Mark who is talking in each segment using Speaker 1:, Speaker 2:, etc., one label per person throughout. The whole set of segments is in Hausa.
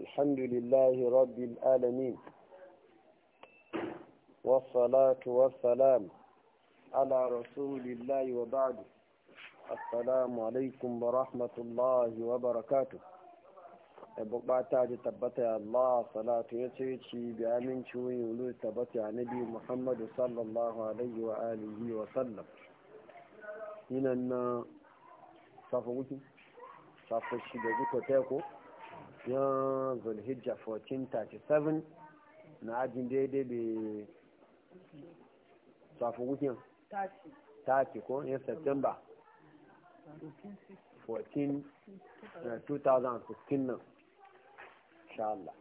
Speaker 1: الحمد لله رب العالمين والصلاة والسلام على رسول الله وبعد السلام عليكم ورحمة الله وبركاته bukata da tabbata ya Allah salatu ya ce ci bi aminci wani wulu tabbata ya nabi Muhammadu sallallahu alaihi wa alihi wa sallam yinan na safa wuki safa shi da zuko teku? yan zulhijja 1437 na ajin daidai bai safin wikin taki ko yan september 14 2016 uh, nan inshallah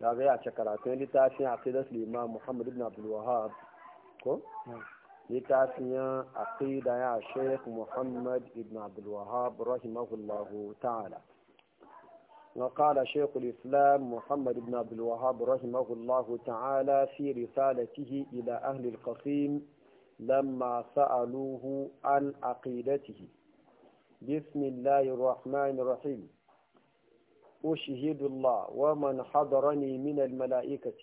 Speaker 1: ya ga ya ce karatun littafin aqidat liman muhammad ibn abdul wahab ko hmm. littafin ya aqida ya sheikh muhammad ibn abdul wahab rahimahullahu ta'ala وقال شيخ الإسلام محمد بن عبد الوهاب رحمه الله تعالى في رسالته إلى أهل القصيم لما سألوه عن عقيدته بسم الله الرحمن الرحيم أشهد الله ومن حضرني من الملائكة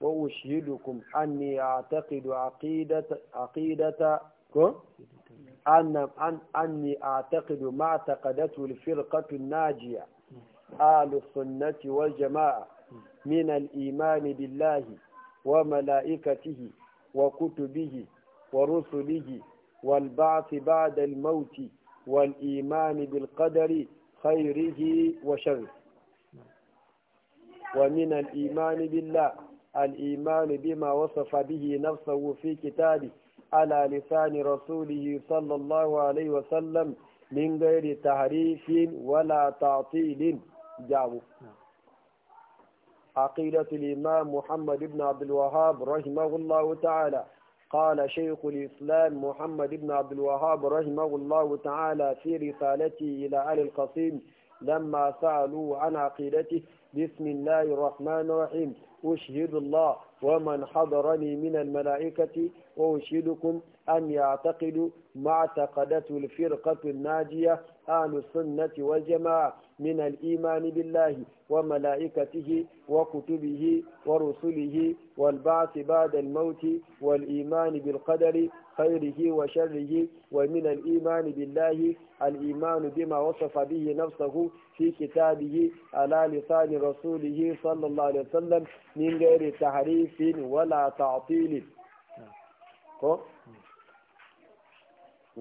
Speaker 1: وأشهدكم أني أعتقد عقيدة عقيدة أن أن أني أعتقد ما اعتقدته الفرقة الناجية أهل السنة والجماعة من الإيمان بالله وملائكته وكتبه ورسله والبعث بعد الموت والإيمان بالقدر خيره وشره ومن الإيمان بالله الإيمان بما وصف به نفسه في كتابه على لسان رسوله صلى الله عليه وسلم من غير تحريف ولا تعطيل جابو نعم. عقيدة الإمام محمد بن عبد الوهاب رحمه الله تعالى قال شيخ الإسلام محمد بن عبد الوهاب رحمه الله تعالى في رسالته إلى آل القصيم لما سألوه عن عقيدته بسم الله الرحمن الرحيم أشهد الله ومن حضرني من الملائكة وأشهدكم أن يعتقدوا ما اعتقدته الفرقة الناجية أهل السنة والجماعة من الإيمان بالله وملائكته وكتبه ورسله والبعث بعد الموت والإيمان بالقدر خيره وشره ومن الإيمان بالله الإيمان بما وصف به نفسه في كتابه على لسان رسوله صلى الله عليه وسلم من غير تحريف ولا تعطيل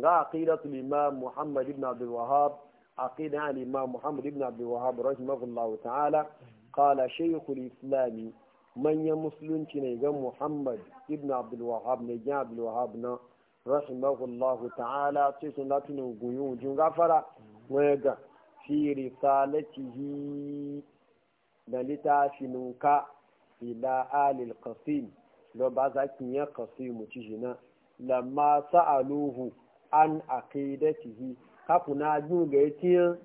Speaker 1: ga aqidatul imam Muhammad ibn Abdul Wahhab عقيدة عن الإمام محمد بن عبد الوهاب رحمه الله تعالى قال شيخ الإسلام من يمسلم تنيجا محمد بن عبد الوهاب نيجا عبد الوهاب رحمه الله تعالى تسن لاتن وقيون جنغفرة ويجا في رسالته دلتا شنوكا إلى آل القصيم لو بازاكين يا قصيم تجينا لما سألوه عن عقيدته kafu na ju ga yatiya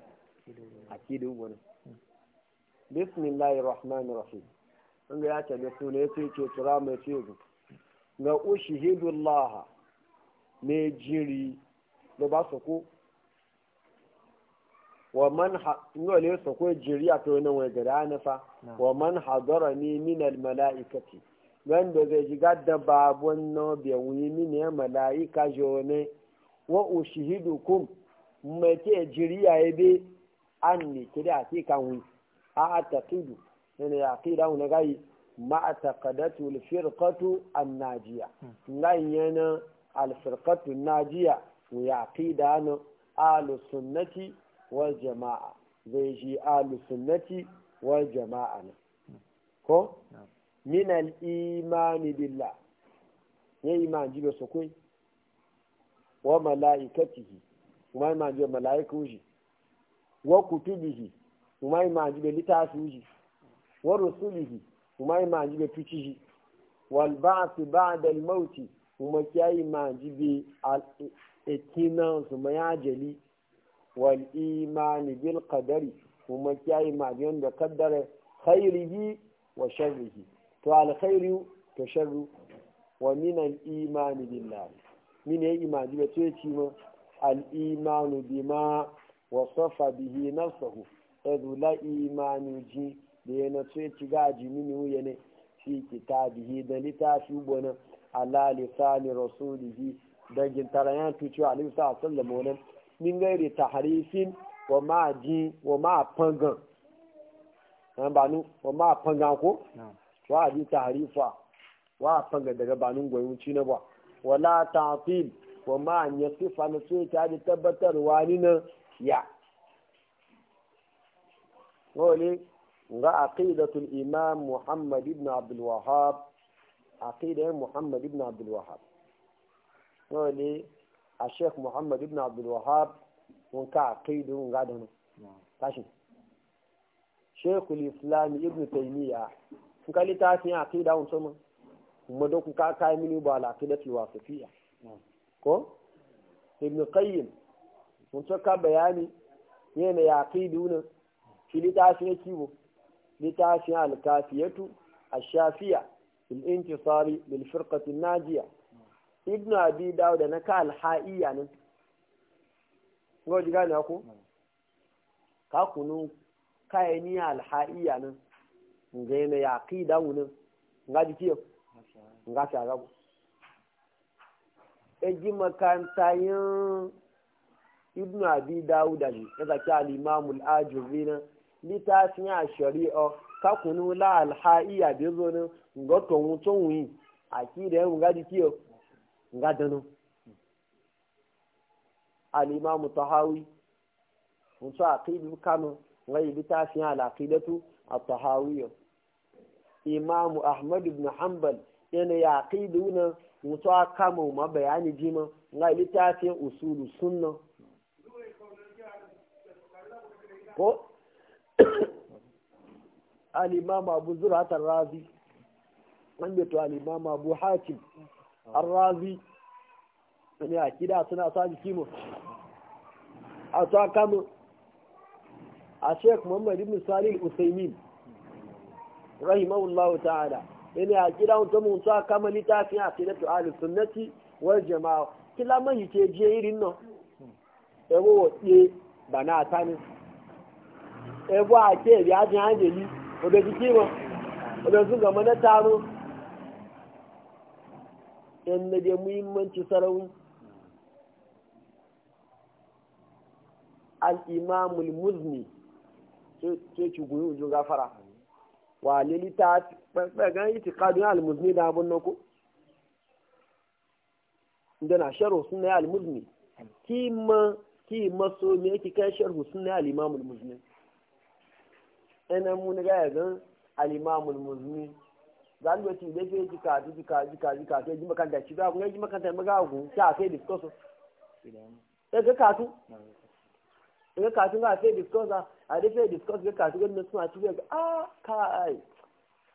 Speaker 1: akidu wani bismillahir rahmanir rahim an ga ya ta da sune yace ce tura mai ce ku ga ushhidullah ne jiri da ba su ko wa man ha ngo le so ko e jiri a to na wai na fa wa man hadarani min al malaikati wanda zai ji gadda babun no na wi min ya malaika jone wa kun. mace jiriya ya bi an ne kiri a cikin wani a tudu yana ya fi dawo na gayi ma'atakadatu alfirkatu an najiya gayi yana alfirkatu najiya ya fi dawo alusunnati jama'a zai ji alusunnati wal jama'a ne ko min al'imani billah ya iman jibe su kai wa mala'ikatihi umar ma je malaika uji wa kutubihi umar ma je be litafi uji wa rusulihi umar ma je be tuciji wal ba'th ba'da al maut kya kiyayi ma je be al ikina zuma ya jali wal imani bil qadari umar kiyayi ma je da kaddara khairihi wa sharrihi to al khairu to sharru wa min al imani billah min ya e imani be to ya ci ma al'imanu bima wasafa bihi nafsahu la imanu ji da ya na ce ci gaji mini wuya ne fi kitabihi da littafi gwanin ala lisani rasulihi dangin tarayan tuci a lisa a sallama wani min gairi taharifin wa ma ji wa ma fangan an banu wa ma fangan ko wa ji taharifa wa fangan daga banun gwayunci na ba wala ta'til wa ma an yi sifa na so ta da tabbatarwa ni na ya wani ga aqidatul imam muhammad ibn abdul wahhab aqidatul muhammad ibn abdul wahhab wani a sheikh muhammad ibn abdul wahhab mun ka aqidun ga da tashi sheikhul islam ibn taymiya kun ka littafin aqida mun so mun kuma kun ka kai mini ba al aqidatul wasifiyya ko ibn qayyim mun saka bayani yana ya aqiduna fi litafi kibo litafi al-kafiyatu ash-shafiya bil intisari lil firqati najiya ibn abi dawud na ka al-haiya nan ngoji gane ku ka kunu kayani al-haiya ne ngaye ya ngaji kiyo ngashi agabu eji makanta yin ibnu abi dawuda ne ya zaki al'imamul ajurri na littafin a shari'a kakunu la alha'iya bi zo ne nga to mutum a ki da nga kiyo nga dano al'imamu tahawi mutum a kidu kano nga yi littafin al'aqidatu a tahawiyo imamu ahmadu ibn hanbal yana ya kidu na mutu a kama ma bayani jima nga littafin usulu sunna ko al-imam abu zurat razi al-imam abu razi ne suna sa jiki mu a ta kama a muhammad ibn rahimahullahu ta'ala yana a kira wata mutu a kama littafin a kira to ahlus sunnati wal jama'a kila man yake je irin nan ebo de bana atani ebo a ke bi ajin hanjeli odo ti kima odo sun gama na taro yan na je muhimmanci sarauni al-imamul muzni sai ci yi ujun gafara wa lilita ɓagan itikadun almuzni da abun nako da na sharhu sunna ya almuzni ki ma ki maso me yake kai sharhu sunna al-imam al-muzni ina mun ga yagan al-imam al-muzni zan ga ti da ke jika jika jika jika ke ji makanta ci ba kun ji makanta maga ku ta sai discuss daga katu daga katu ga sai discuss a dai sai discuss ga katu ga suna ci ga ah kai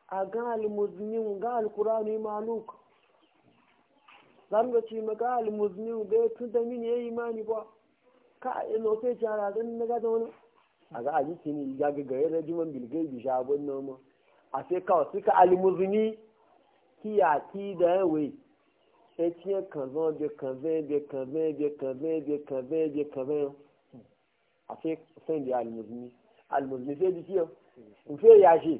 Speaker 1: a ga almuzmin ga alkurani maluk zanga ga ci maga almuzmin ga tun da mini yi imani ba ka a ilo sai jara dan na ga wani a ga aji kini ya ga gare da jiman bilgai bi shabon ma a sai ka wasu ka almuzmi ki ya ki da yawe ya ci kan zo bi kan zai bi kan zai bi kan bi kan bi kan a sai sai da al almuzmi sai ji kiyo in sai ya shi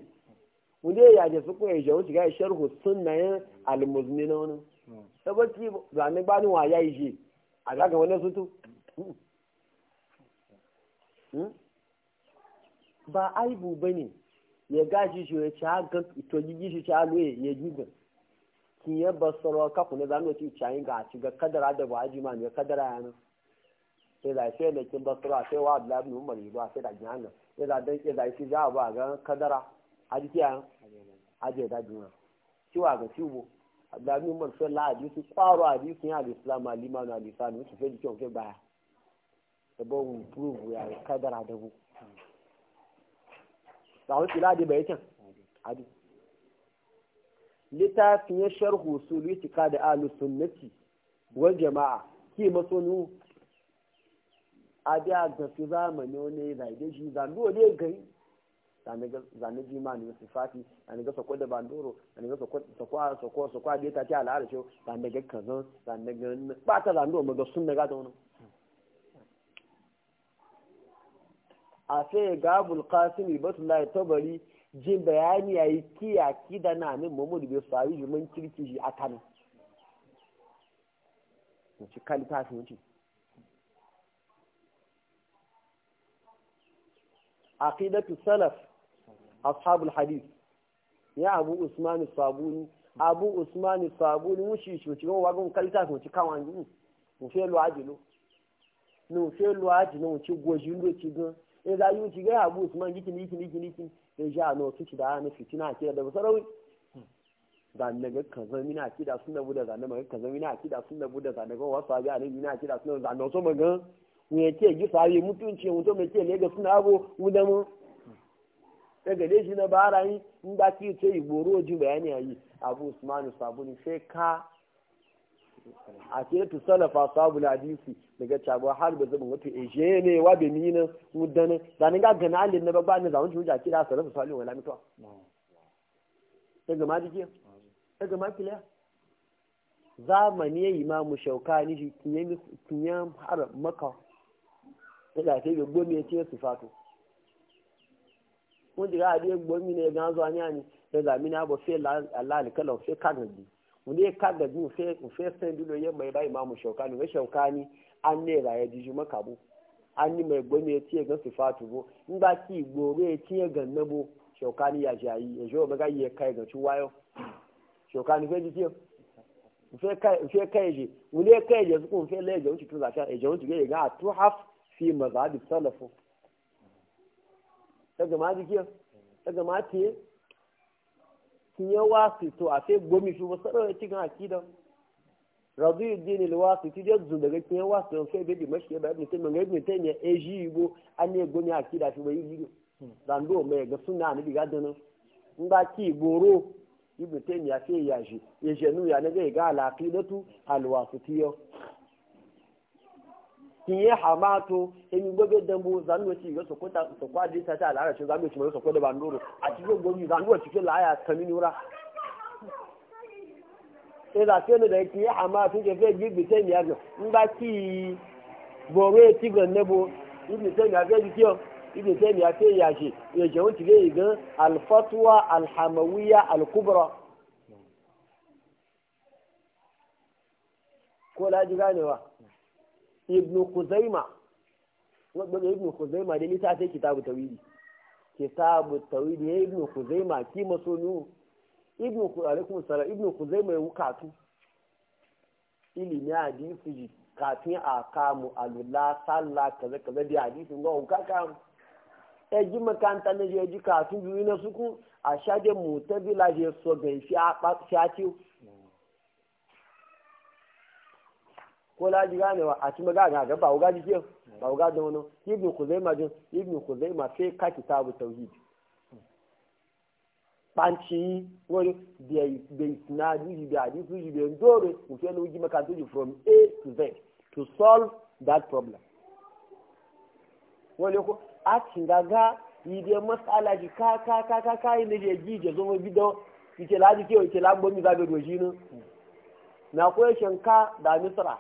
Speaker 1: wanda ya yaje su ko ya wuce shiga ya sharhu sunnayin almuzni na wani tabbaci zane gbani wa ya yi je a zaga wani sutu hmm? ba aibu ba ne ya gashi shi ya ci haka to gigi shi ya aloye ya giga ki ya basarwa kaku na zanuwa ci cayin ga ci ga kadara da ba aji ma ne kadara yana sai da sai da kin basarwa sai wa abdullahi umar yi ba sai da jihanga sai da dan sai da shi za a ba ga kadara adikiya a, da juna ciwa ga ciwo abdullahi umar sallallahu alaihi wasallam kwaro hadisi ya al-islam al-iman al-lisan wuce sai jikin ke baya da ba mu prove ya kadara da bu ba wuce ladi bai kan adi littafin ya sharhu usul itika da ahlus sunnati wal jama'a ki masonu adi a ga su zamani ne da shi zan dole gari zane jima ne su fati zane ga sako da bandoro zane ga sako sako sako a ta ce al'ada ce zane ga kazan zane ga ba ta zane domin ga sun daga ta wani a sai ga bulkasim ibatullahi tabari jin bayani ya yi kiyaki da na min muhammadu bai sari juman kirki shi a kano wuce kalifa su wuce aqidatu salaf ashabul hadith ya abu usman sabuni abu usman sabuni wushi shi ci wa gun kalita ko ci kawan ni mu fe lo ajilo ni mu fe lo ajilo mu ci goji ci gan e da yu ci ga abu usman giki e ni giki ni giki ni da na na ga kaza ki da sunna buda da na ga kaza ki da sunna buda da na wasa ga ne mina ki da sunna da no so magan mu ya ce gi sa mutunci mu to me ce ne ga sunna abu mu da mu daga dai shi na bara yi in ba ki ce igboro ji bayani ayi abu usmanu sabuni sai ka a ce tu salafa sabu hadisi daga cabo har da zubin wata eje eh, ne wa be nina mudanin da ni ga gana alin na babba ne zaman tuja kira salafa salihu wala mitwa daga Zamani dike yi ma mu zamani ya imamu ni shi kinyan har maka da ta ga gome ce su fato wọ́n ti ráàdì ẹgbọ́n mi náà gánzọ́ anyáni ẹgbà mi náà bọ̀ fẹ́ aláàlìkẹ́lọ̀ fẹ́ kàgàdì wọ́n dé kàgàdì wọ́n fẹ́ sẹ́ńdú yẹ mọ̀ ẹ̀ báyìí máa mú ṣọ̀ká ni wọ́n ṣọ̀ká ni á ní ẹ̀rà ẹ̀ jíjú mọ́kàbó á ní mọ̀ ẹgbọ́n mi etí ẹ̀gán sì fa àtúbọ̀ nígbà tí ìgbòho etí ẹ̀gàn daga ma jikiya daga ma tiye kin yi wasi to a sai gomi shi wasu ɗaya cikin akidan razu yi dini lwasi ti je zun daga kin yi wasi don sai bebe mashi ya bayan mutum ga ibn taymiya eji ji yibo an ne gomi akida shi bai yi zando mai ga sunna ne diga dana in ba ki goro ibn taymiya sai ya shi ya jenu ya ne ga alaqidatu alwasitiyya kiye hamato emi gbogbo dambo zanuwa ci ga sokota sokwa di ta ta alara ci zanuwa ci mai sokota ba ndoro a cikin gomi zanuwa ci kila aya kamini wura e da ke da yi hamato ke fe gbi se mi ajo n ki boro e ti nebo ibi se mi afe dikiyo ibi se mi afe yashi ya je won ti ge igan alfatwa alhamawiya alkubra ko laji ganewa ibnu kuzaima wadda ibnu kuzaima da lita sai kitabu tawili kitabu tawili ya ibnu kuzaima ki masonu ibnu alaikum salam ibnu kuzaima ya wukatu ilimi hadisi ji kafin a kamu alula salla kaza kaza da hadisi ga wuka kamu e ji makanta na je ji kafin biyu na suku a shaje mutabila je so gai shi a ɓaci ko laji ganewa a cima ga ga ba ga jikin ba ga da wani ibn kuzaima jin ibn kuzaima sai ka kitabu tauhid panci wani be na duji da hadisi duji da dore ku ke nuji maka duji from a to z to solve that problem wani ko a cinga ga yi da masala ji ka ka ka ka ka ne da ji je zo mu bido la ji ke ike lambo mi zabe doji ne na koyashin ka da misra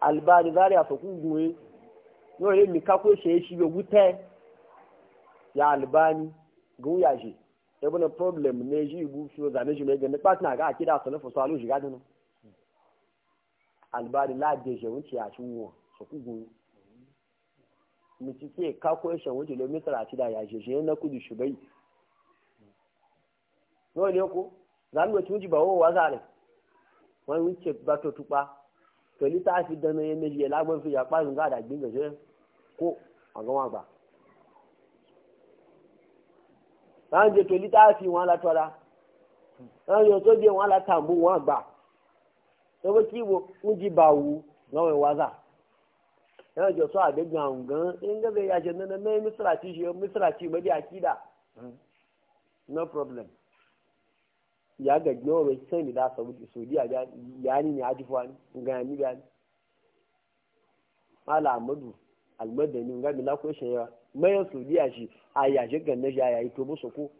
Speaker 1: albani zari afọkú gùnwe yóò yé mi kakó ṣe é ṣíbi ogun wuta ya albani gùn yà ṣe ya bane problem ní ẹjí ìbú fi ọ̀zà méjì mẹ́gẹ́ ní pàtàkì àgá àkéde àtọ̀lẹ́ fọ̀sọ́ alóòjì gádùn nù albani láàdé ṣẹ̀wọ̀n ti àti wọn sọ̀kú gùnwe mi ti tí kakó ṣẹ̀wọ̀n ti lọ mítàrà àti dàyà ya ẹ̀ nẹ́kù ne na yìí yóò ní ẹkọ zanúwẹ̀ tí wọ́n ti bà wọ́n wá sáré wọ́n ń ṣe gbàtọ̀ tupa pẹ̀lú tá a fi dẹnu yẹn méjì yẹn lágbọ́n fi yàpá ìrùngá àdàgbé gẹ̀ẹ́sẹ̀ kó àwọn àgbà. láǹjẹ pẹ̀lú tá a fi wọn alátọ́ra láǹjẹ tó jẹ wọn alátàǹbù wọn àgbà lọ́wọ́ kí wo ń jí bá lọ́wọ́ ìwázà láǹjẹ sọ àgbẹ̀gbẹ̀ àwọn gan ẹ̀ńgẹ́gẹ́ yàjẹ̀ nínú mẹ́rin mísírà tí ṣe mísírà tí ìgbẹ́dẹ́ àkídà no problem. ya ga gnowe sai ni da sabu saudiya ya ni ne ajifuwa ga ni ga mala amadu almadani ga mi lako shi ya mayan saudiya shi a ya je ganna ya yayi to musu ko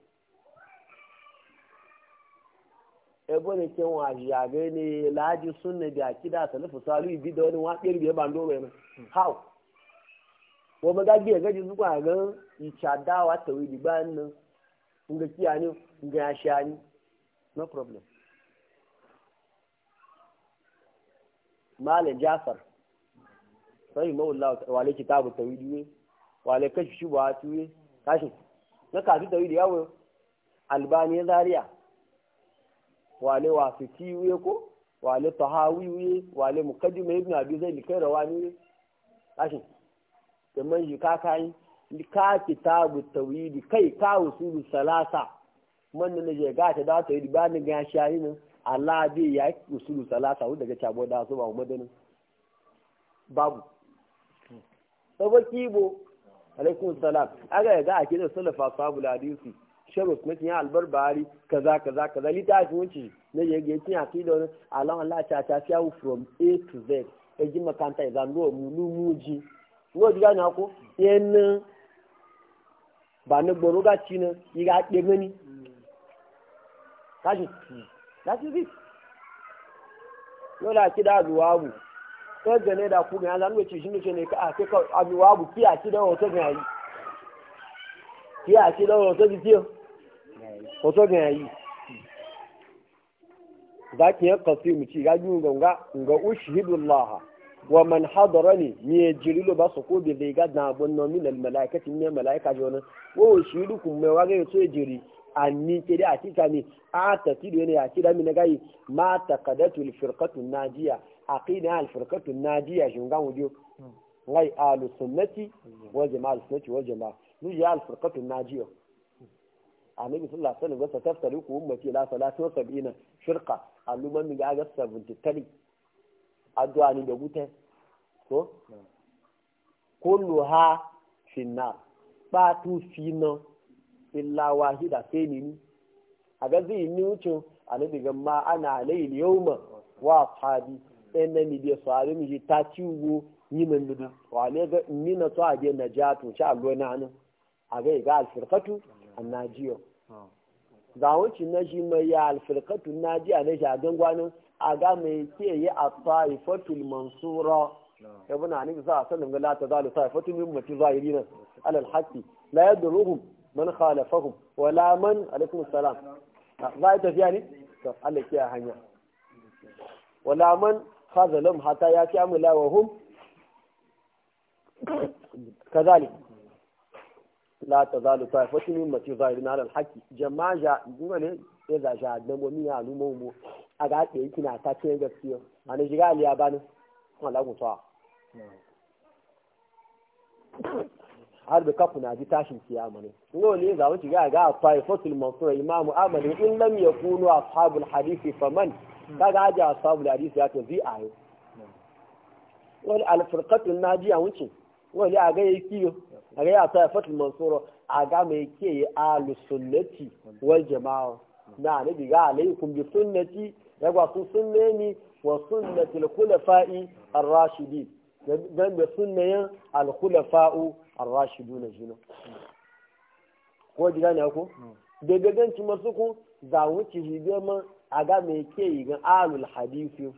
Speaker 1: e bone ken wa ya ga ne laji sunna da kida salafu salu bi da wani wadir biye mai how wo ba ga biye ga ji zuwa ga ichadawa tawidi ban nan no problem malam jafar sai mawullah wale kitabu tawhid ne wale kashi shubha ne kashi na kafi tawhid yawo albani zaria wale wa we ko wale tahawi we wale mukaddima ibn abi zaid kai rawani we kashi kaman yi kakai ka kitabu tawhid kai ka usulu salasa wannan na je ga ta da ta yi ba ni ga shayi nan Allah bi ya usulu salasa wanda daga cabo da so ba mu madani babu ki kibo alaikum salam aga e ga ake da salafa sabu ladisi shabu kuma ya albarbari kaza kaza kaza litafi wuce na je ga tinya ti da Allah Allah ta ta fiya from A to Z eji makanta izanduwa e mulu muji ngo ji na ko yen ba ni gboro ga na yi ga gani kaji that is it yau da kida abuwabu sai gane da ku ga zan wuce shi ne ka a ka abuwabu ga yi ki a kida wato ji ki ga yi zaki ya kafi mu ci ga ga ga ushhidullah wa man hadarani mi jirilu ba su ko bi ga da bonno min al malaikati ne malaika jona wo shirukum me wa ga amin ke da akika ne a tafido ne akida mi na gayi ma kadatu alfirqatu najiya aqida alfirqatu najiya shungan wujo ngai ahlus sunnati wal jamaa ahlus sunnati wal jamaa ni ya alfirqatu najiya annabi sallallahu alaihi wasallam sa, tafsiru ku ummati la salatu wa sab'ina firqa alluman mi ga 73 addu'a ni da gute ko kulluha finnar ba tu finan illa wahida sai ni ni a ga zai ni wucin annabi ga ma ana layil yawma wa ashabi ɗan nan ni bai sahabi mi ta ciwo yi min dudu wa ne ga ni na to a ja to sha allo na nan a ga ga a annajiyo da wucin na shi mai ya alfirqatu na ne na shi a a ga mai ke yi a taifatul mansura ya bi na nufi sa a sanin ga lata zalu taifatul min mutu zahiri nan alal haƙi na yadda ruhun man khalafahum wala man alaikum a tafiya ne to Allah kiya hanya wala man khazalum hatta ya ci amula wa hum kazalik la tazalu ta'ifatun min mati zahirin ala alhaqi jama'a ja ne ya za ja dan mu ya lu mu a ga ke yiki na ta cikin gaskiya ana shiga aliya bani Allah ku har da kafu na ji tashin kiyama ne ngo ne za wuce ga ga fa mansur imamu amali in lam yakunu ashabul hadisi faman hmm. kaga aja ashabul hadisi ya to zi ayo al alfirqatu najiya wuce wani a ga yayi kiyo a ga ya fa fasul mansur a ga mai ke alu sunnati wal jamaa na nabi ga alaikum bi sunnati ya gwa su sunne ni wa sunnatul khulafa'i ar-rashidin dan da sunnayan al-khulafa'u arrashiduna jino ko ji gane ko da gaganci masu ku za wuce shi gama a ga mai ke yi gan alul hadisi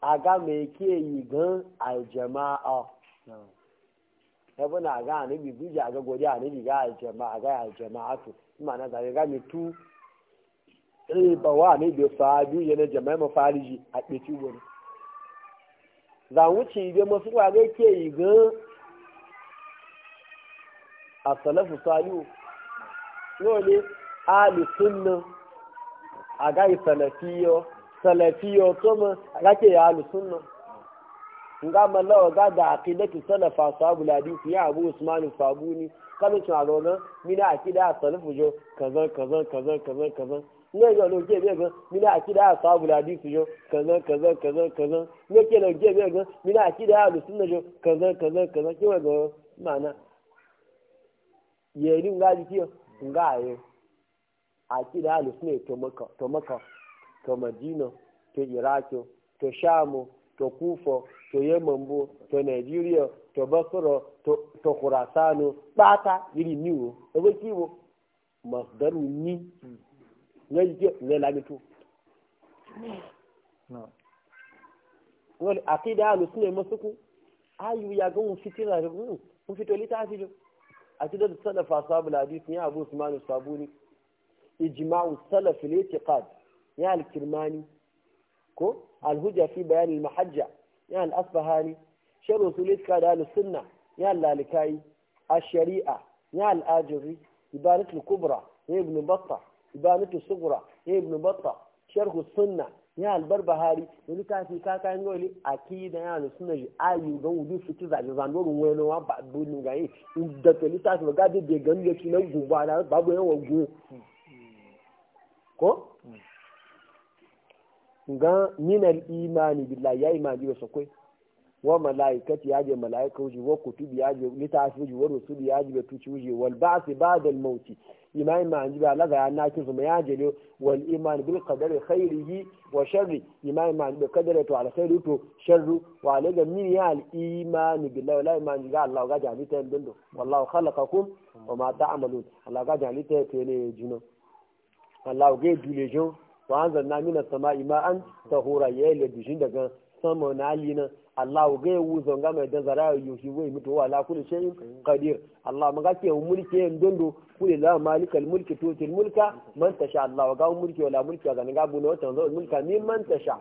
Speaker 1: a ga mai ke yi gan aljama'a ya bana a ga anabi biji a ga godiya anabi ga aljama'a a ga aljama'a to kuma na zaga ga mai tu eh ba wa ne da sahabi yana jama'a mafariji a ɗeci wani za wuce yi gan masu ku a ke yi gan asalafu saliu yóò ní alùsùnà salafiyo sàlẹ̀fíyọ sàlẹ̀fíyọ tó ya ali sunna nga mala oga da aqidatu salaf ashabul hadith ya abu usman sabuni kanu tsaro na mina akida asalafu jo kaza kaza kaza kaza kaza ne ga lo je ga mina akida ashabul hadith jo kaza kaza kaza kaza ne ke lo je ga mina akida ahlus sunna jo kaza kaza kaza ke wa ga mana yeri nga jiki nga ayo da ahlus sunna to maka to maka to madina to irakio to shamu to kufo to yemambo to nigeria to basra to to khurasano bata iri niwo ebe kiwo masdaru ni nga jiki nga lamitu no wani akida ahlus sunna masuku ayu ya ga mun fitira mun fito litafi عقيدة السلف أصحاب الحديث يا أبو عثمان الصابوني إجماع السلف في الاعتقاد يا الكرماني كو الهجة في بيان المحجة يا الأصبهاني شر سليت كاد أهل السنة يا اللالكاي الشريعة يا الآجري إبانة الكبرى يا ابن بطة إبانة الصغرى يا ابن بطة شرخ السنة ya albar bahari wani kafi ka kayan gole a ki da ya da suna yi ayu ga wudu su ci zaɓe zan dorin wani wa ba bunin ga yi da to littafi ga da bai gani da su na gumba na babu yawan gugu ko hmm. hmm. ga minal imani billahi ya imani ba sakwai wa malaikati ya je malaika wuce wa kutubi ya je litafi wuce wa rusuli ya je ga tuci wuce wal ba'si ba da mauti imanin ma ji ba laga ya naki su ma ya je wal iman bil qadari yi wa sharri imani ma anji qadari to ala khairu to sharru wa alaga min ya al iman billahi la ji ga Allah ga jani ta dindo wallahu khalaqakum wa ma amalu Allah ga jani ta ya juna. Allah ga dule jin wa mina sama sama'i ma'an tahura yayin da bishin daga sama na alina Allah ga ya wuzo ga mai da zara yu shi wai mutu wa la kulli shay'in qadir Allah maga ke mulki en dondo kulli la malikal mulki tutil mulka man tasha Allah ga mulki wala mulki ga ga bu no zo mulka min man tasha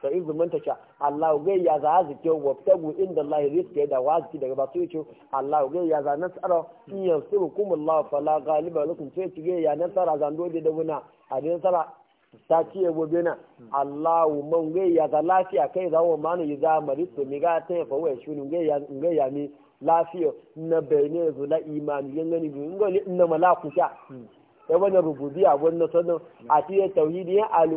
Speaker 1: fa idh man tasha Allah ga ya za azike wa tagu inda Allah rizqi da wazki daga basu yace Allah ga ya za nasara in yansurukum Allah fala ghaliba lakum sai ci ya nasara zando da buna a din nasara ci ya gobe na Allahu man gai ya ga lafiya kai zawo manu yi za mari to mi ga ta fa wa shi ne ya ya mi lafiya na bayne zu la imani yin gani bi ngai inna malaku sha da wannan rububiyya wani sanan a tiye tauhidi ya al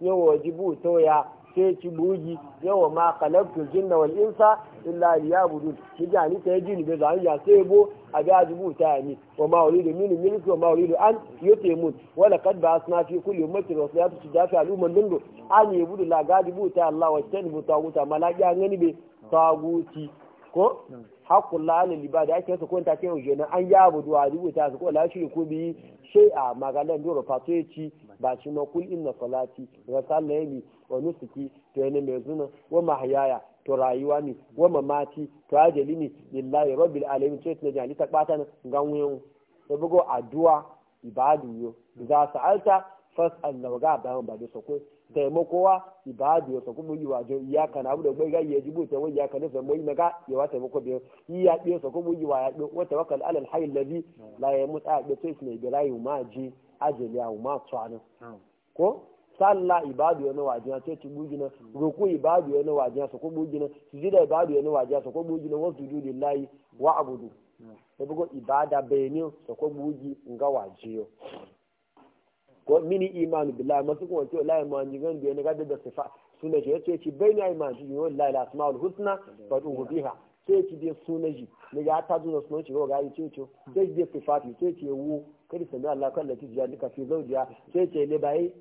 Speaker 1: ya wajibu to ya sai ci bugi yawa ma khalaqtu jin wal insa illa budu ki ga ni sai jini da zan sai bo a ga jibu ta wa ma da mini milki wa ma da an yutimun wa laqad ba'athna fi kulli ummatin rasulatan tudafi al umman dundu an yabudu la ga jibu ta Allah wa tanbu taguta malaka ngani be taguti ko hakkun la'alin liba da ake yasa kwanta ke yaushe na an yabu duwa rubuta su ko lashi ko bi shai a magalan dora fato ya ci ba shi na kul inna salati wa sallayni wa nusuki to yana mai zuna wa mahayaya to rayuwa ne wa mamati to ajali ne lillahi rabbil alamin ce na jani ta bata na ganwayen da bugo addu'a ibadu yo da za su alta fas Allah ga ba ba da sokoi taimakowa ibadu wasu kuma yi wajen iyaka na abuɗa da bai ya jibu ta wani iyaka nufin mai maga ya wa taimako biyar yi ya ɗiyo su kuma yi wa ya wata wakal alal hayin lazi la ya mutu a ɗiyo sai su birayi ma ji ajiyar ya ma tsanin ko sallah su wasu lillahi wa abudu ibada bayani su bugi nga ko mini imanu billahi masu kuma ce wallahi ma ji gan biyan gadda da sifa suna shi yace ci bai na imanu shi wallahi la asmaul husna fa du biha sai ci dai sunan shi ne ya ta zo suna shi ga yi cewa sai dai sifati sai ce wu kada sami Allah kan da tijiya duka fi zawjiya sai ce ne bai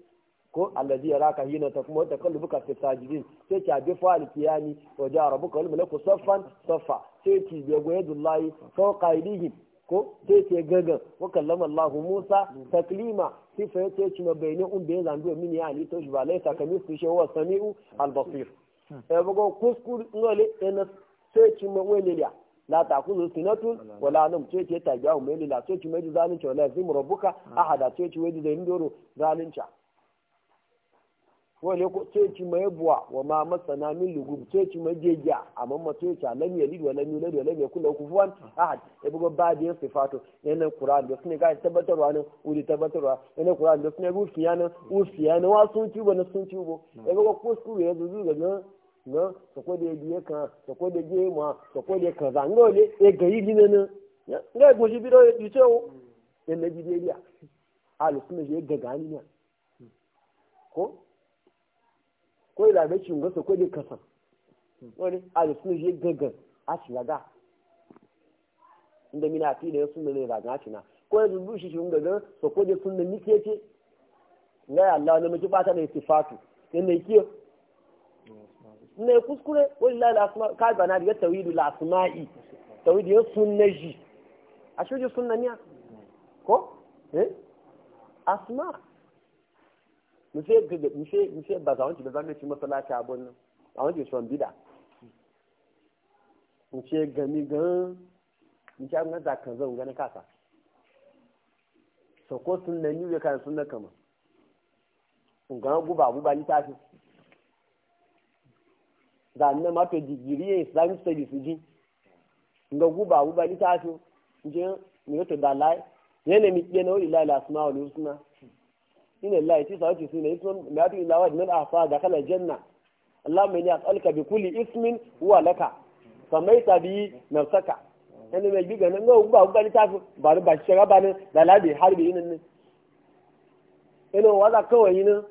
Speaker 1: ko allazi yaraka hina ta kuma ta kallu buka fi sajidin sai ce abi fa alqiyani wa ja rabbuka wal malaku saffan saffa sai ci bi goyedullahi fawqa qaidihi ko sai ce gagan wa kallama Allah Musa taklima sifa ya ce cima bayani un bayan zandu min ya ali to shi ba laisa kamis su shi wa sami'u al-basir e bago kuskur ngole en sai cima weliya la takuzu sinatu wala nam sai ce ta jawo mai la sai cima mai zalunci wala zimu rabbuka ahada sai ce wai da indoro zalunci wani ko ceci mai buwa wa ma masana min lugub ceci mai jeja amma ma ceci lam yalid wa lam yulad wa lam yakul lahu kufuwan ahad e bugo ba da sifatu yana qur'an da sunne ga tabbatarwa ne uri tabbatarwa yana kur'an da sunne gufi yana ufi yana wa sun ci ba na sun ci bo e bugo kusku ya zuzu ga na na sako da biye ka sako da je ma sako da kaza ngole e gayi gina na ngai goji biro ya tuce o yana bidiya alu sunne je ga gani ne ko ko ìlànà ṣì ń gbọ́sọ̀ kó lè kẹsàn wọ́n ní alùpùpù yìí gangan á sì lága ndèmi náà àti ilẹ̀ fún mi ní ìlànà àti na ko da bu shi shun gaga so ko je sunna nike ce ce ga Allah ne miki fata da sifatu in ne ke ne hmm. kuskure wallahi la asma ka na da tawidu la asma'i tawidu ya sunna ji a shi shuje sunna ne ko eh asma' musai gaga musai musai ba za wanci ba zan ci masallaci abun nan a wanci shon bida musai gami gan musai an gaza kan zan gani kasa so ko sun nan yiwe kan sun na kama sun ga guba ba ni tafi da nan ma to digiri islamic su ji nga guba ba ni tafi nje ni to da lai yana mi kena wani lalai asma'ul husna إن الله يتسع وتسعين اسم ما يأتي إلا واحد من أعصى دخل الجنة اللهم إني أسألك بكل اسم هو لك سميت به نفسك أنا ما يجيك أنا أقول بقى بقى لتعرف بقى بقى شغا بقى لا لا دي حرب هنا إنه وضع كوي هنا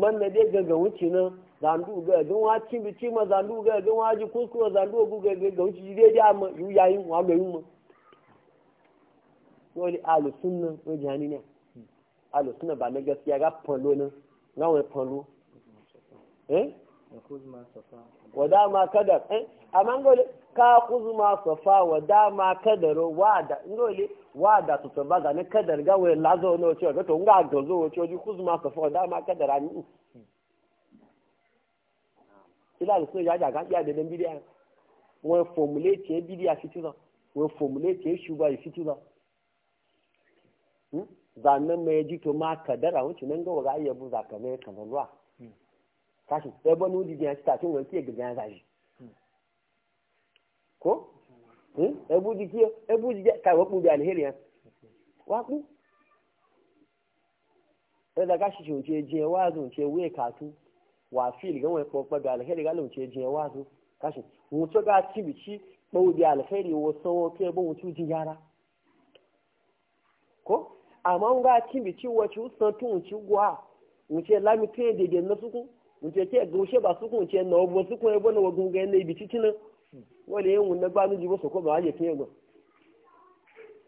Speaker 1: من ندي جنجا وتشينا zandu ga gan wa cin bi cin ma zandu ga gan wa ji kuskure zandu ga ga ga wuci dai dai amma yu yayin wa ga yin mu wani alusun nan wani ne alusun nan ba na gaskiya ga fanlo nan ga wani fanlo eh? wa dama kadar eh? amma ngole ka kuzuma safa wa dama kadaro wa da ngole wa da su ba ga ne kadar ga wani lazo n'a ce ga to nga gazo wo ce kuzuma safa wa dama kadara ni ila alusun ya ja ga ya da dan bidiya wọ́n formulate bidiya fitiran wọ́n formulate Hm? zannan mai ji to ma kadara wuce nan ga waga iya buza kamar kamar ruwa kashi hm. sai ba nudi biya shi tashin wani zashi hm. ko ebu jiki ebu kai bi alheri ya wabu sai da gashi shi wuce je wazo wuce wee katu wa fil ga wani kokpa bi ga wuce je wazo kashi wuce ga tibici alheri wuce ko amma nga bi ci wacu san tun ci gwa wuce lami tun dede na suku wuce ke gaushe ba suku wuce na obo suku ya bane wa gunga yana ibi cikin nan wale yin wunan ba miji wasu ko ba waje tun yagon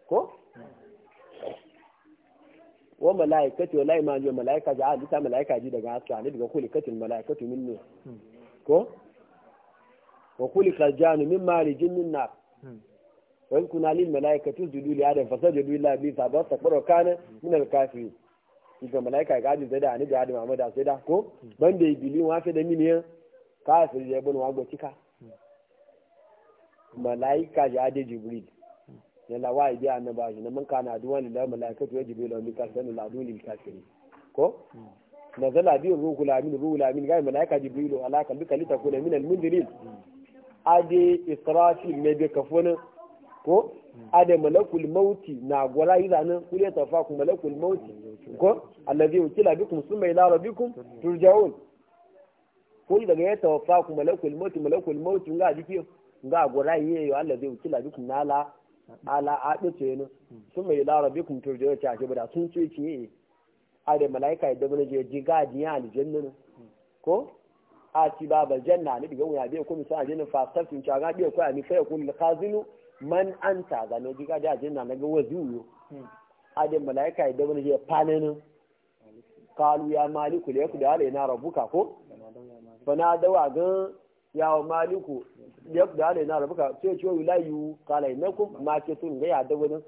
Speaker 1: ko wa mala'ikati wa la'i ma'aji wa mala'ika ja'a lita mala'ika ji daga haska ne daga kuli katin mala'ikatu min ne ko wa kuli kajanu min mari jin min nar hmm. وإن كنا للملائكة تسجدوا لآدم فسجدوا إلا إبليس أبى استكبر وكان من الكافرين Ika malaika ga ajin zai da anabi Adam Ahmad sai da ko ban da ibilin wa fi da miniyan kafir ya bin wago cika malaika ya da Jibril ya lawa ibi annaba shi na man kana aduwa lillahi malaikatu ya jibril wa mikal sanu ladun lil kafirin ko nazala bi ruhu lamin ruhu lamin ga malaika jibril ala kalbi kalita kuna min al mundirin ade israfil ne be kafonin ko ada malakul mauti na gwala yi zanen kule tafa ku malakul mauti ko allazi ukila bikum summa ila rabbikum turja'un ko daga ya tawafa ku malakul mauti malakul mauti ga dike ga gwala yi yo allazi ukila bikum nala ala ado ce ne summa ila rabbikum turja'un ta ce bada sun ce ce ada malaika da bane je jiga diya aljanna ko a ci babal janna ne diga wuya bai ko sa ne fa tafin ta ga bai ko ani fa yakun khazinu man an anta zane ji kaji a jinna na ga waziyo adin malaika idan wani je fanin kalu ya maliku da ya kuda ala yana rabuka ko fana dawa ga ya wa maliku da ya kuda ala yana rabuka sai ciwo wilayu kala inakum ma ke tun ga ya dabana. wani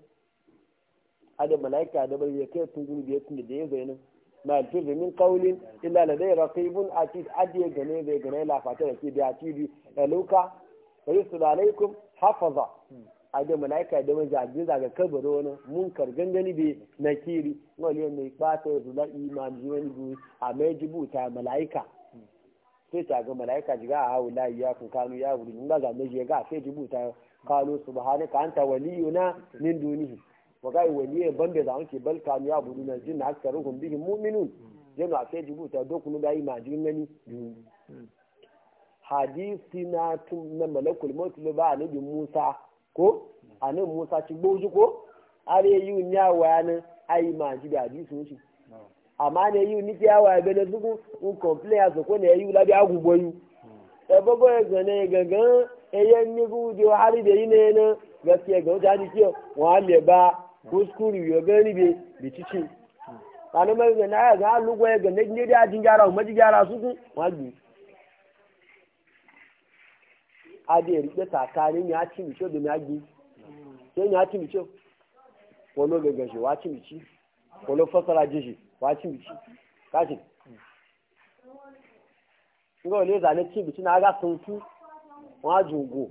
Speaker 1: adin malaika da dabana ya kai tun gurbi ya tun da ya zai nan ma yalfizu min qawlin illa ladayhi raqibun atid adiye gane zai gane lafata da ke da atidi da luka wa yusallu alaikum hafaza a da malaika da majaji daga kabari wani munkar gangani bai na kiri wani mai bata ya zula imam zuwa ni bu a mai ta malaika sai ta ga malaika jiga a hau layi ya kun kano ya wuri in gaza mai jiga sai jibuta kanta wani anta na, min dunihi wa ga ban banda za muke bal kano ya wuri na jinna aktaruhum bihim mu'minun jama'a sai jibuta dokunu da imam ji gani hadisi na tun na malakul mautu ba anabi musa ko anan musa ci boju ko are yi ni awaya nan ayi ma ji da hadisi wuce amma ne yi ni ti be bene suku un complain aso ko ne yi labi agugbo yi ebogo egane gangan ni bu di ari da yi ne na gaskiya ga wuce ni kiyo wa le ba skuru yo gani be bi cici ma gana ya ga alugwa ya gane ni da ajin ma umarji su ku wa gbi adé rike tsakanin ya ci micho da nagi sai ya ci micho wani gaggashi wa ci mici fasara jishi wa ci nga wale zane ci mici na aga sun su wa jogo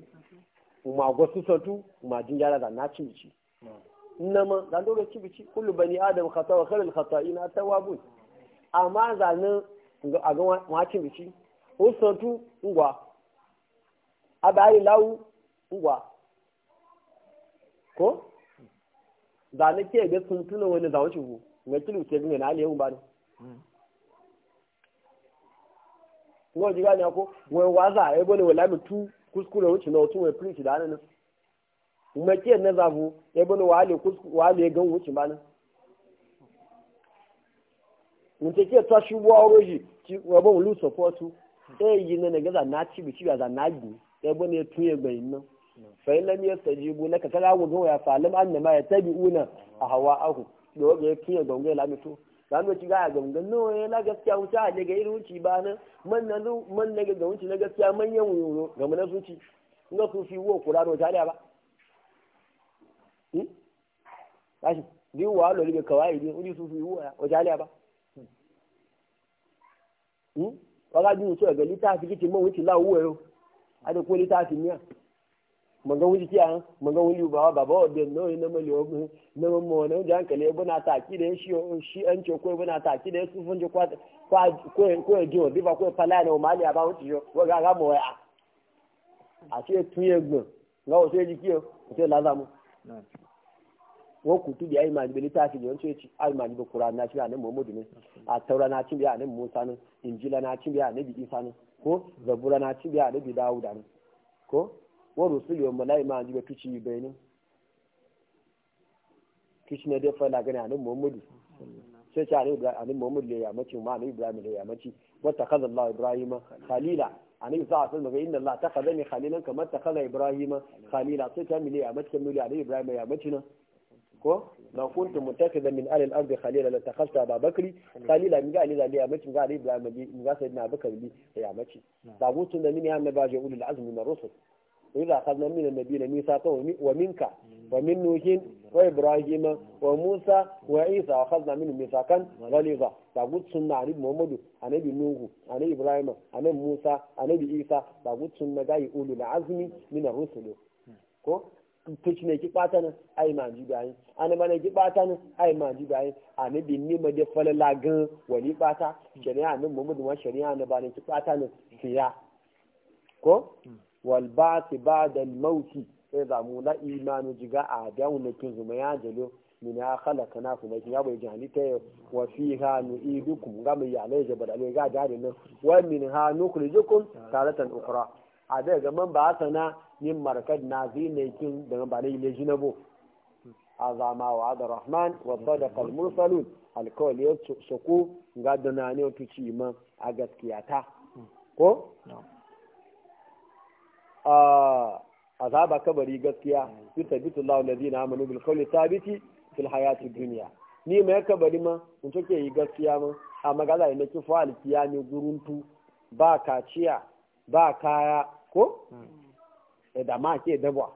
Speaker 1: ma gwasu satu ma jinjara da na ci mici nama zan dole ci mici bani adam khata wa khairul khata'ina tawabun amma zanen a ga wa ci ngwa abari lawu ngwa ko za ne ke ga sun tuna wani wuce shigo ga kilu ke ga na aliyu ba hmm. ne Ko ji ga ne ko wai waza e bone wala mi tu kuskure wuce na otu wai print da nan kuma ke na zabu e bone wale kuskure wale gan wuce ba nan mun take ta shubuwa roji ci mu lu support eh yi ne ne ga za na ci bi ci za na gi sai bane ya tuye bayin nan fa in lam yastajibu laka kaga go ga ya falim annama yatabi'una ahwa'ahu do ga ya tuye gonga la mito dan wuci ga gangan no ya eh, la gaskiya wuce a daga irin wuci ba nan man na man na ga wuci na gaskiya manyan wuro ga mun zuci inga su fi wo kura no jariya ba kashi hmm? ni wa lo kawai ni uri su fi wo ya o jariya ba hmm, hmm? waga ji wuce ga lita fi kici man wuci yo ada ko litafi miya manga wuli kiya manga wuli ba ba ba da no ina mali o na mo na da hankali ba na ta ki da shi shi an ce ko ba ta ki da su fun je kwa kwa ko ko je o bi ba ko pala na o mali aba o ti yo wa ga ga mo ya a ti tu ye ga o se ji ki o se la za mo wa kutu bi ai mani bilita fi yawanci ya ci ai mani kura ne a taura na musa nan injila biya nabi isa ko zabura biya nabi dawuda ko wa rusuli wa malai ma ji ba tuci bai ne tuci gani nan muhammadu sai ce ibrahim ya mace ma ibrahim ya mace ibrahima khalila sa inna allah khalilan kamar khalila sai ta mili ya mace ibrahima ya mace ko na kuntu min al ardi khalila la takhasta ba bakri khalila min ga alila ya mace ga alila maji mi ga sayyidina bakari bi ya mace ba gutu da min ya ba ulul azmi min rusul min ba gutu ali muhammadu ibrahim musa isa ba gutu ga rusul ko tuci ne bata nan ai ma ji bayin an ma ne bata nan ai ma ji bayin Ani bi ni ma de fala gan wali pata shari'a nan muhammadu wa shari'a na hmm. ba ne bata nan fiya ko wal ba'ti ba'da al mauti sai e za mu la imanu jiga a mu ne kin zuma ya jalo min ya khalaka na kuma ya bai jani ta wa fiha nu'idukum ga mai ya lai jabal ne ga jari nan wa min ha nukhrijukum taratan ukhra a ga man ba sana min markad na zinakin kin daga ba dai leji na azama wa da rahman wa sadaqa al mursalun alkawal ya soko ga dana ne ma a gaskiya ta ko a azaba kabari gaskiya yuthabitu Allahu alladhina amanu bil ta thabiti fil hayati dunya ni mai kabari ma in take yi gaskiya ma a magana ne ki fa ne guruntu ba kaciya ba kaya ko Eh, da ma ke dabwa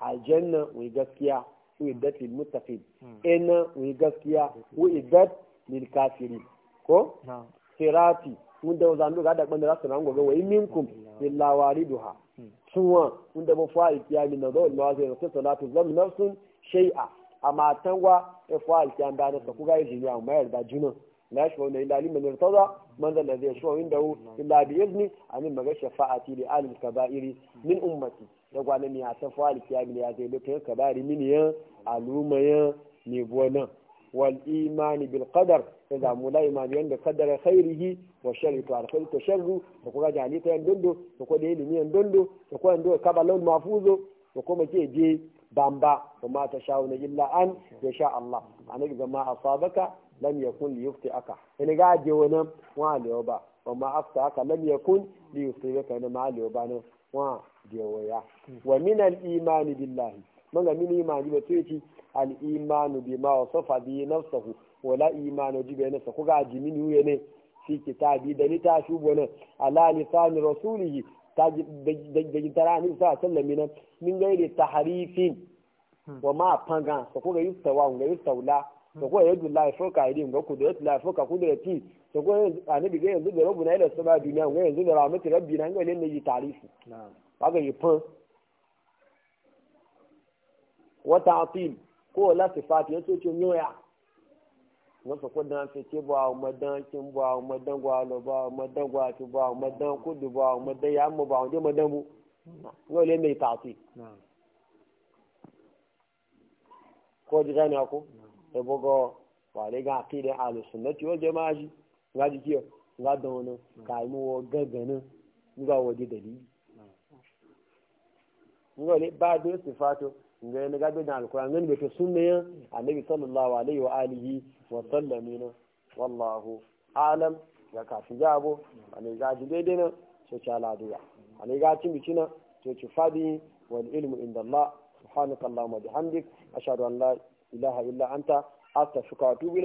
Speaker 1: aljanna wi gaskiya wi dat lil muttaqin hmm. ina wi gaskiya wi dat lil kafirin ko sirati mun da zan duka da ban da su rango ga wai minkum illa waliduha hmm. suwa mun da ba fa'i kiyami na da Allah zai ta salatu zam nafsun shay'a amma tangwa e eh, fa'i da ku ga yi jiya amma yarda junan لا يشفع إلا لمن ارتضى من ذا الذي يشفع عنده إلا بإذنه أن ما الشفاعة لآل الكبائر من أمتي يقول أنني أعتف لكيام يا ابن هذه الكبائر من يا علوم يا نبونا والإيمان بالقدر إذا مولا إيمان يند قدر خيره وشره تعالى خير تشره وكما جعلت يندندو وكما يلمي يندندو وكما يندو كبالون محفوظو وكما جي بامبا وما تشاءون إلا أن يشاء الله أنا إذا ما أصابك lam yakun li yufti aka ina ga je wani wa lewa ba ma afta aka lam yakun li yufti aka ina ma le ba ne wa je waya wa min al imani billahi mun ga min imani ba tuci al imanu bima wasafa bi nafsuhu wala imanu ji bi ku ga ji min yuye ne fi kitabi da litafi ne ala lisan rasulihi da tara ni sa sallami nan min gairi tahrifin hmm. wa ma fanga ko ga yustawa ga yustawla so ko yadu la foka idi ngo ku da la foka ku da ti so ko anabi ga yanzu da rabu na ila sama duniya ngo yanzu da rahmatu rabbi na ngo lenne yi tarifu na'am kaga yi fa wa ta'til ko la sifati yaso ce nyoya wasu kudan su ce ba madan kin ba madan gwalo ba madan gwatu ba madan kudu ba madan yamma ba wajen madan bu yau ne mai tafi ko ji gane ku e bogo wale ga akide alu sunnati wal jama'a ji ga ji kiyo ga dono ka mu wo gagana ga wodi dalili ngole ba do sifato ngai ne ga da alquran ngani beto sunna ya annabi sallallahu alaihi wa alihi wa sallamina wallahu alam ga kafi jabo ne ga ji daidai na so ci aladuwa ne ga cin bikina to ci fadi wal ilmu inda Allah subhanaka Allahumma bihamdik ashhadu an la ilaha illa anta astaghfiruka wa atubu